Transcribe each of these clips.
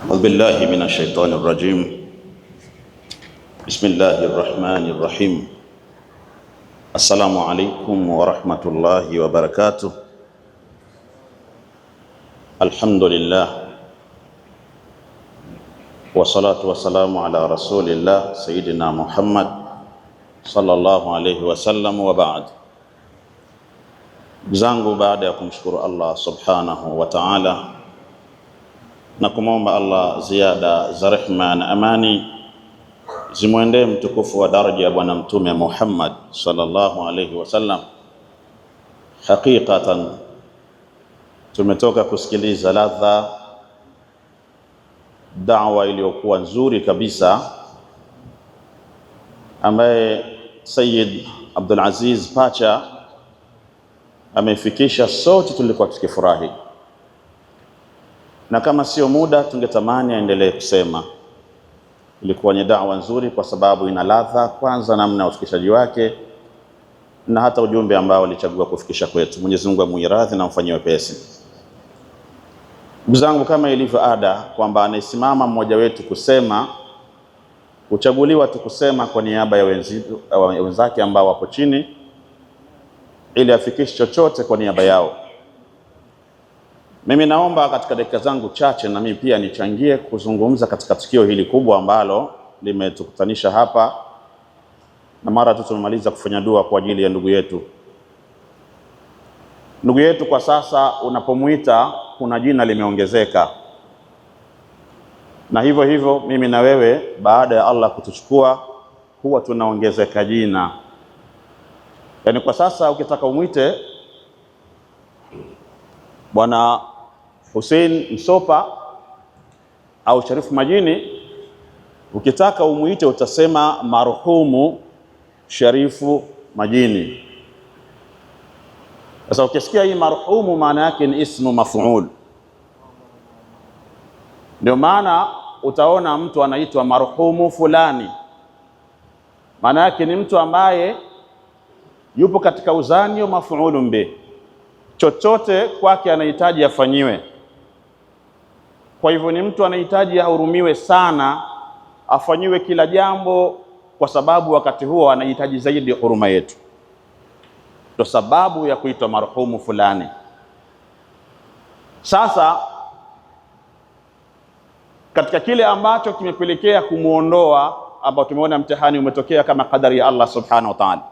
أعوذ بالله من الشيطان الرجيم بسم الله الرحمن الرحيم السلام عليكم ورحمة الله وبركاته الحمد لله والصلاة والسلام على رسول الله سيدنا محمد صلى الله عليه وسلم وبعد زانغو بعد يكم شكر الله سبحانه وتعالى na kumwomba Allah ziada za rehma na amani zimwendee mtukufu wa daraja ya Bwana Mtume Muhammad sallallahu alayhi wasallam. Hakikatan tumetoka kusikiliza ladha dawa iliyokuwa nzuri kabisa ambaye Sayyid Abdul Aziz Pacha amefikisha sote tulikuwa tukifurahi na kama sio muda tungetamani aendelee kusema. Ilikuwa ni dawa nzuri, kwa sababu ina ladha, kwanza namna ya ufikishaji wake na hata ujumbe ambao alichagua kufikisha kwetu. Mwenyezi Mungu amuiradhi na amfanyie wepesi. Ndugu zangu, kama ilivyo ada kwamba anayesimama mmoja wetu kusema huchaguliwa tu kusema kwa niaba ya wenzake ambao wapo chini, ili afikishe chochote kwa niaba yao. Mimi naomba katika dakika zangu chache na mimi pia nichangie kuzungumza katika tukio hili kubwa ambalo limetukutanisha hapa, na mara tu tumemaliza kufanya dua kwa ajili ya ndugu yetu. Ndugu yetu kwa sasa unapomwita kuna jina limeongezeka, na hivyo hivyo mimi na wewe baada ya Allah kutuchukua huwa tunaongezeka jina. Yaani kwa sasa ukitaka umwite bwana Hussein Msopa au Sharifu Majini, ukitaka umwite utasema marhumu Sharifu Majini. Sasa ukisikia hii marhumu, maana yake ni ismu maf'ul. Ndio maana utaona mtu anaitwa marhumu fulani, maana yake ni mtu ambaye yupo katika uzani wa mafuulu mbe, chochote kwake anahitaji afanyiwe kwa hivyo ni mtu anahitaji ahurumiwe sana, afanyiwe kila jambo, kwa sababu wakati huo anahitaji zaidi huruma yetu. Ndo sababu ya kuitwa marhumu fulani. Sasa katika kile ambacho kimepelekea kumwondoa, ambao tumeona mtihani umetokea kama kadari ya Allah subhanahu wa ta'ala,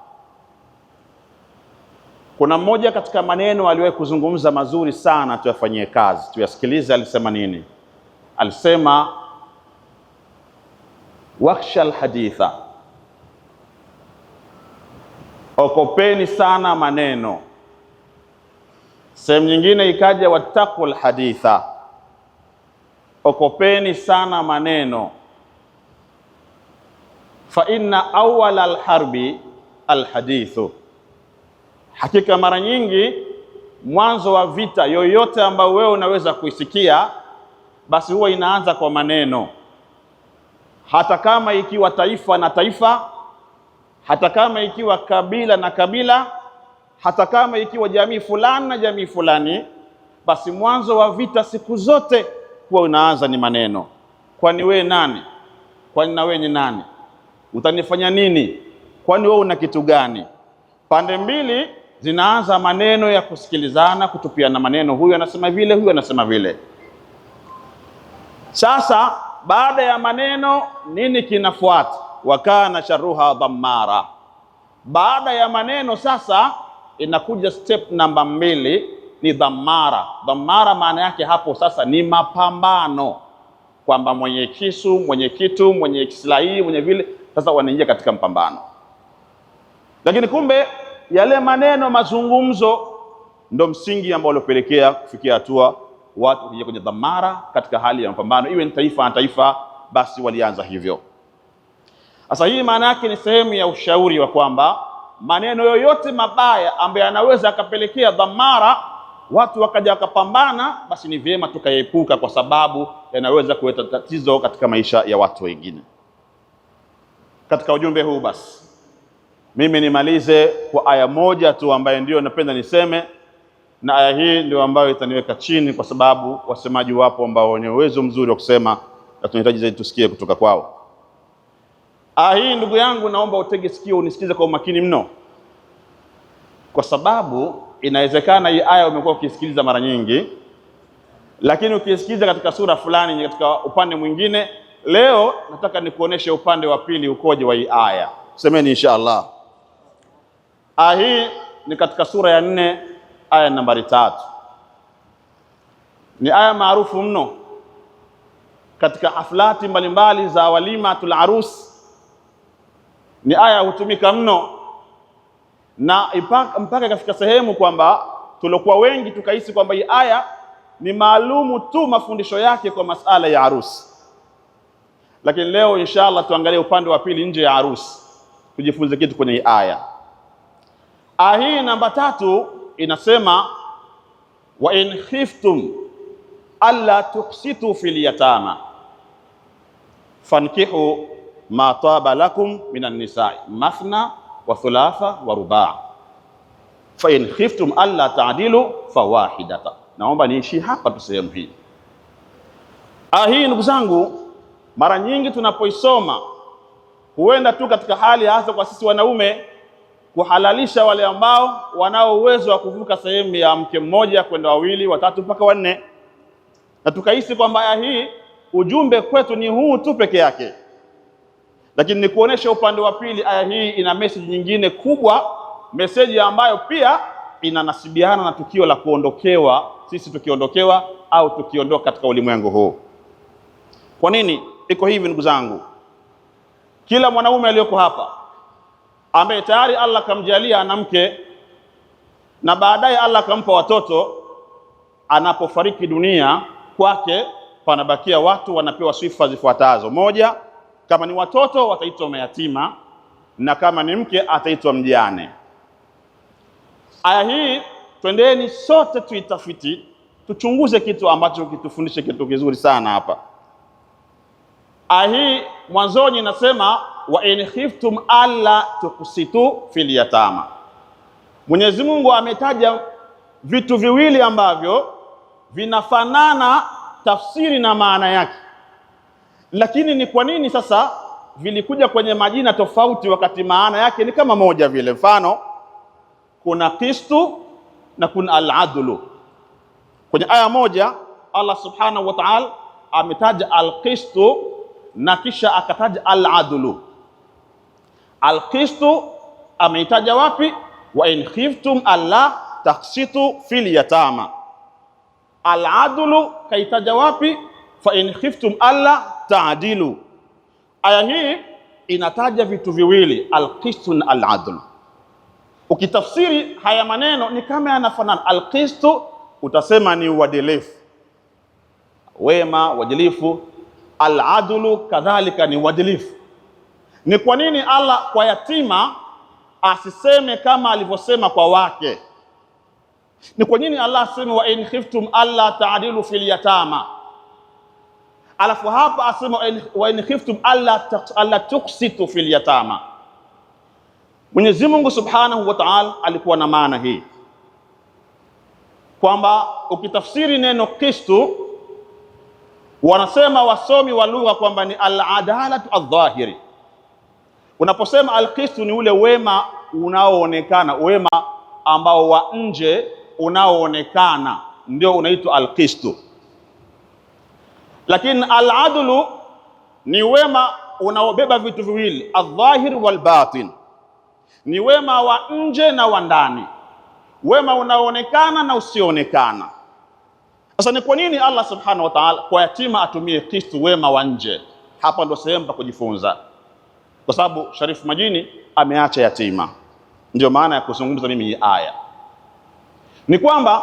kuna mmoja katika maneno aliwahi kuzungumza mazuri sana, tuyafanyie kazi, tuyasikilize alisema nini. Alisema wakhsha alhaditha, okopeni sana maneno. Sehemu nyingine ikaja wattaqu alhaditha, okopeni sana maneno. Fa inna awwala alharbi alhadithu, hakika mara nyingi mwanzo wa vita yoyote ambayo wewe unaweza kuisikia basi huwa inaanza kwa maneno, hata kama ikiwa taifa na taifa, hata kama ikiwa kabila na kabila, hata kama ikiwa jamii fulani na jamii fulani, basi mwanzo wa vita siku zote huwa unaanza ni maneno. Kwani we nani? Kwani na wewe ni nani? Utanifanya nini? Kwani wewe una kitu gani? Pande mbili zinaanza maneno ya kusikilizana, kutupiana maneno, huyu anasema vile, huyu anasema vile. Sasa baada ya maneno nini kinafuata? Wakana sharuha dhammara. Baada ya maneno sasa inakuja step namba mbili ni dhammara. Dhammara maana yake hapo sasa ni mapambano, kwamba mwenye kisu, mwenye kitu, mwenye kisilahii, mwenye vile, sasa wanaingia katika mpambano. Lakini kumbe yale maneno mazungumzo ndo msingi ambao uliopelekea kufikia hatua watu wakija kwenye dhamara katika hali ya mapambano, iwe ni taifa na taifa, basi walianza hivyo. Sasa hii maana yake ni sehemu ya ushauri wa kwamba maneno yoyote mabaya ambayo yanaweza akapelekea dhamara watu wakaja wakapambana, basi ni vyema tukaepuka, kwa sababu yanaweza kuleta tatizo katika maisha ya watu wengine. Katika ujumbe huu basi mimi nimalize kwa aya moja tu ambayo ndio napenda niseme na aya hii ndio ambayo itaniweka chini, kwa sababu wasemaji wapo ambao wenye uwezo mzuri wa kusema na tunahitaji zaidi tusikie kutoka kwao. Aya hii, ndugu yangu, naomba utege sikio unisikize kwa umakini mno, kwa sababu inawezekana hii aya umekuwa ukisikiliza mara nyingi, lakini ukisikiliza katika sura fulani, katika upande mwingine. Leo nataka nikuoneshe upande wa pili ukoje wa hii aya, semeni inshallah. Aya hii ni katika sura ya nne aya nambari tatu ni aya maarufu mno katika haflati mbalimbali za walimatul arus. Ni aya hutumika mno na mpaka ikafika sehemu kwamba tuliokuwa wengi tukahisi kwamba hii aya ni maalumu tu mafundisho yake kwa masala ya harusi, lakini leo inshallah tuangalie upande wa pili nje ya harusi, tujifunze kitu kwenye hii aya. Aya hii namba tatu inasema wa in khiftum alla tuksitu fil yatama fankihu ma taba lakum minan nisai mathna wa thulatha wa rubaa fa in khiftum alla taadilu fawahidata. Naomba niishi hapa tu sehemu hii. Ah, hii ndugu zangu, mara nyingi tunapoisoma huenda tu katika hali hasa kwa sisi wanaume kuhalalisha wale ambao wanao uwezo wa kuvuka sehemu ya mke mmoja kwenda wawili, watatu mpaka wanne, na tukahisi kwamba aya hii ujumbe kwetu ni huu tu peke yake, lakini ni kuonesha upande wa pili, aya hii ina message nyingine kubwa, message ambayo pia inanasibiana na tukio la kuondokewa, sisi tukiondokewa au tukiondoka katika ulimwengu huu. Kwa nini iko hivi, ndugu zangu? Kila mwanaume aliyoko hapa ambaye tayari Allah kamjalia ana mke na baadaye Allah kampa watoto, anapofariki dunia kwake panabakia watu wanapewa sifa zifuatazo: moja, kama ni watoto wataitwa mayatima, na kama ni mke ataitwa mjane. Aya hii twendeni sote tuitafiti, tuchunguze kitu ambacho kitufundishe kitu kizuri sana hapa. Aya hii mwanzoni inasema wa in khiftum alla tuksitu fil yatama. Mwenyezi Mungu ametaja vitu viwili ambavyo vinafanana tafsiri na maana yake, lakini ni kwa nini sasa vilikuja kwenye majina tofauti wakati maana yake ni kama moja vile? Mfano, kuna kistu na kuna al-adlu. Kwenye aya moja Allah subhanahu wa ta'ala ametaja al-qistu na kisha akataja al-adlu Alqistu ameitaja wapi? Wa in khiftum alla taksitu fil yatama. Aladlu kaitaja wapi? Fa in khiftum alla taadilu. Aya hii inataja vitu viwili, alqistu na aladlu. Ukitafsiri haya maneno ni kama yanafanana. Alqistu utasema ni uadilifu, wema, uadilifu. Aladlu kadhalika ni uadilifu ni kwa nini Allah kwa yatima asiseme kama alivyosema kwa wake? Ni kwa nini Allah aseme wa in khiftum alla taadilu fil yatama, alafu hapa aseme wa in khiftum alla tuksitu fil yatama. Mwenyezi Mungu Subhanahu wa Ta'ala alikuwa na maana hii kwamba ukitafsiri neno kistu wanasema wasomi wa lugha kwamba ni al-adalatu adh-dhahiri Unaposema alqistu ni ule wema unaoonekana, wema ambao wa nje unaoonekana ndio unaitwa alqistu, lakini aladlu ni wema unaobeba vitu viwili, aldhahir walbatin, ni wema wa nje na wa ndani, wema unaoonekana na usioonekana. Sasa ni kwa nini Allah subhanahu wa ta'ala kwa yatima atumie kistu, wema wa nje? Hapa ndo sehemu pa kujifunza kwa sababu Sharifu Majini ameacha yatima. Ndio maana ya kuzungumza mimi hii aya ni kwamba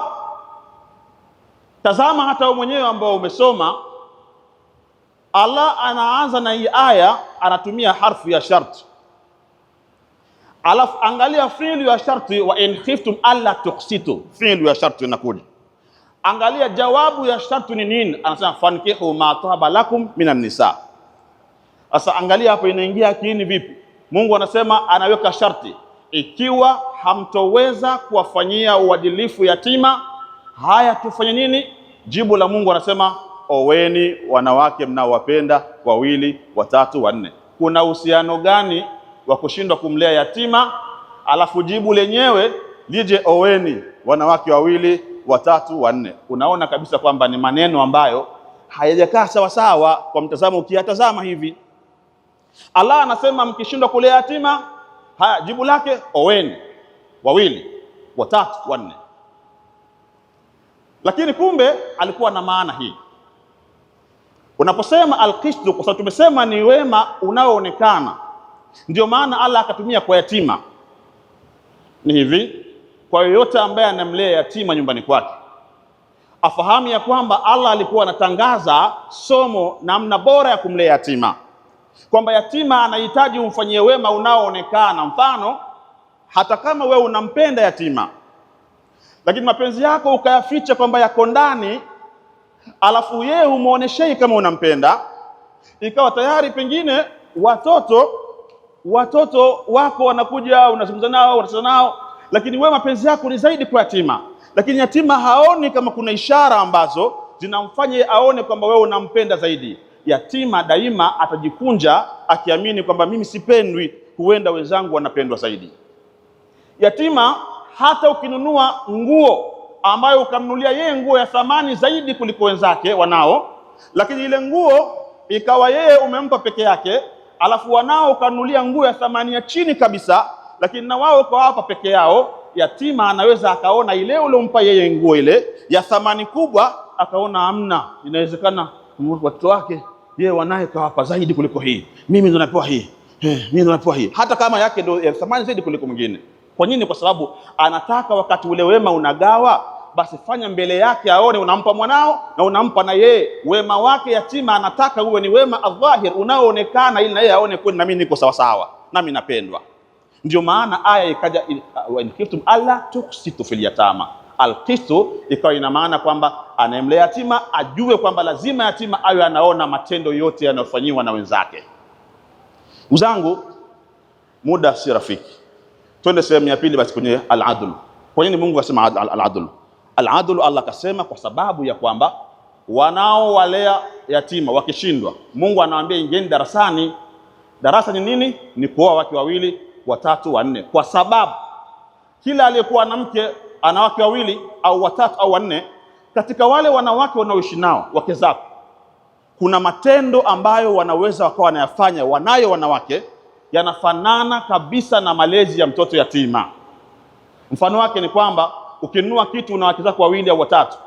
tazama, hata wewe mwenyewe ambao umesoma, Allah anaanza na hii aya, anatumia harfu ya sharti, alafu angalia fi'lu ya sharti, wa in khiftum alla tuksitu, fi'lu ya sharti inakuja. Angalia jawabu ya sharti ni nini? Anasema fankihu ma taba lakum minan nisa sasa angalia hapo, inaingia kiini vipi? Mungu anasema anaweka sharti, ikiwa hamtoweza kuwafanyia uadilifu yatima, haya tufanye nini? Jibu la Mungu anasema oweni wanawake mnaowapenda wawili, watatu, wanne. Kuna uhusiano gani wa kushindwa kumlea yatima alafu jibu lenyewe lije oweni wanawake wawili, watatu, wanne? Unaona kabisa kwamba ni maneno ambayo hayajakaa sawasawa kwa mtazamo, ukiyatazama hivi Allah anasema mkishindwa kulea yatima, haya jibu lake oweni wawili, watatu, wanne. Lakini kumbe alikuwa na maana hii unaposema alqisdu, kwa sababu tumesema ni wema unaoonekana. Ndio maana Allah akatumia kwa yatima. Ni hivi, kwa yoyote ambaye anamlea yatima nyumbani kwake afahamu ya kwamba Allah alikuwa anatangaza somo, namna bora ya kumlea yatima kwamba yatima anahitaji umfanyie wema unaoonekana. Mfano, hata kama wewe unampenda yatima, lakini mapenzi yako ukayaficha kwamba yako ndani, alafu yeye humuoneshei kama unampenda, ikawa tayari pengine watoto watoto wako wanakuja, unazungumza nao, unacheza nao, lakini wewe mapenzi yako ni zaidi kwa yatima, lakini yatima haoni kama kuna ishara ambazo zinamfanya aone kwamba wewe unampenda zaidi yatima daima atajikunja akiamini kwamba mimi sipendwi, huenda wenzangu wanapendwa zaidi. Yatima hata ukinunua nguo ambayo ukamnunulia yeye nguo ya thamani zaidi kuliko wenzake wanao, lakini ile nguo ikawa yeye umempa peke yake, alafu wanao ukanunulia nguo ya thamani ya chini kabisa, lakini na wao ukawapa peke yao. Yatima anaweza akaona ile uliompa yeye nguo ile ya thamani kubwa, akaona amna, inawezekana watoto wake yeye wanaye kawapa zaidi kuliko hii, mimi ndo napewa hii, eh, mimi ndo napewa hii, hata kama yake ndo ya thamani zaidi kuliko mwingine. Kwa nini? Kwa sababu anataka wakati ule wema unagawa, basi fanya mbele yake aone, unampa mwanao na unampa na yeye. Wema wake yatima anataka uwe ni wema adhahir, unaoonekana, ili na yeye aone kweli, nami niko sawasawa, nami napendwa. Ndio maana aya ikaja, in uh, khiftum alla tuksitu fil yatama alkisu, ikawa ina maana kwamba anayemlea yatima ajue kwamba lazima yatima awe anaona matendo yote yanayofanyiwa na wenzake. uzangu muda si rafiki, twende sehemu ya pili basi kwenye aladl. Kwa nini Mungu akasema aladl? Aladl, Allah akasema kwa sababu ya kwamba wanaowalea yatima wakishindwa, Mungu anawaambia ingeni darasani. Darasa ni nini? Ni kuoa wake wawili watatu wanne, kwa sababu kila aliyekuwa na mke wanawake wawili au watatu au wanne, katika wale wanawake wanaoishi nao wake zako, kuna matendo ambayo wanaweza wakawa wanayafanya wanayo wanawake yanafanana kabisa na malezi ya mtoto yatima. Mfano wake ni kwamba ukinunua kitu na wake zako wawili au watatu,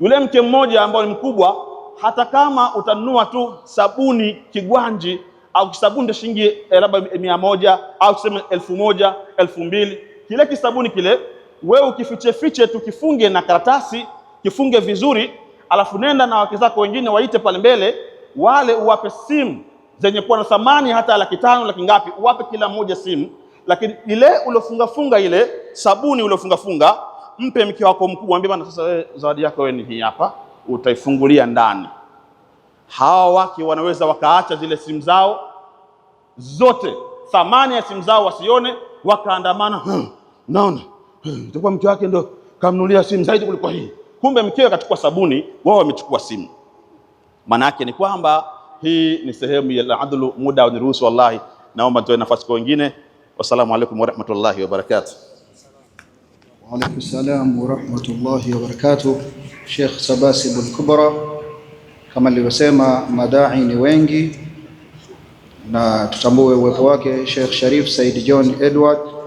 yule mke mmoja ambaye ni mkubwa, hata kama utanunua tu sabuni kigwanji au kisabuni cha shilingi eh, labda mia moja au tuseme elfu moja elfu mbili kile kisabuni kile wewe ukifiche fiche tu, kifunge na karatasi, kifunge vizuri, alafu nenda na wake zako wengine waite pale mbele, wale uwape simu zenye kuwa na thamani hata laki tano laki ngapi, uwape kila mmoja simu. Lakini ile uliofungafunga ile sabuni uliofungafunga mpe mke wako mkubwa mwambie bana, sasa wewe eh, zawadi yako wewe ni hii hapa, utaifungulia ndani. Hawa wake wanaweza wakaacha zile simu zao zote, thamani ya simu zao wasione, wakaandamana naona itakuwa mke wake ndo kamnulia simu zaidi kuliko hii, kumbe mkewe kachukua sabuni, wao wamechukua simu. Maana yake ni kwamba hii ni sehemu ya adlu. Muda uniruhusu, wallahi, naomba nitoe nafasi kwa wengine. Wassalamu alaikum warahmatullahi wabarakatuh. Wa alaikum salam warahmatullahi wabarakatuh. Sheikh bin Kubra, kama nilivyosema, madai ni wengi na tutambue uwepo wake Sheikh Sharif Said John Edward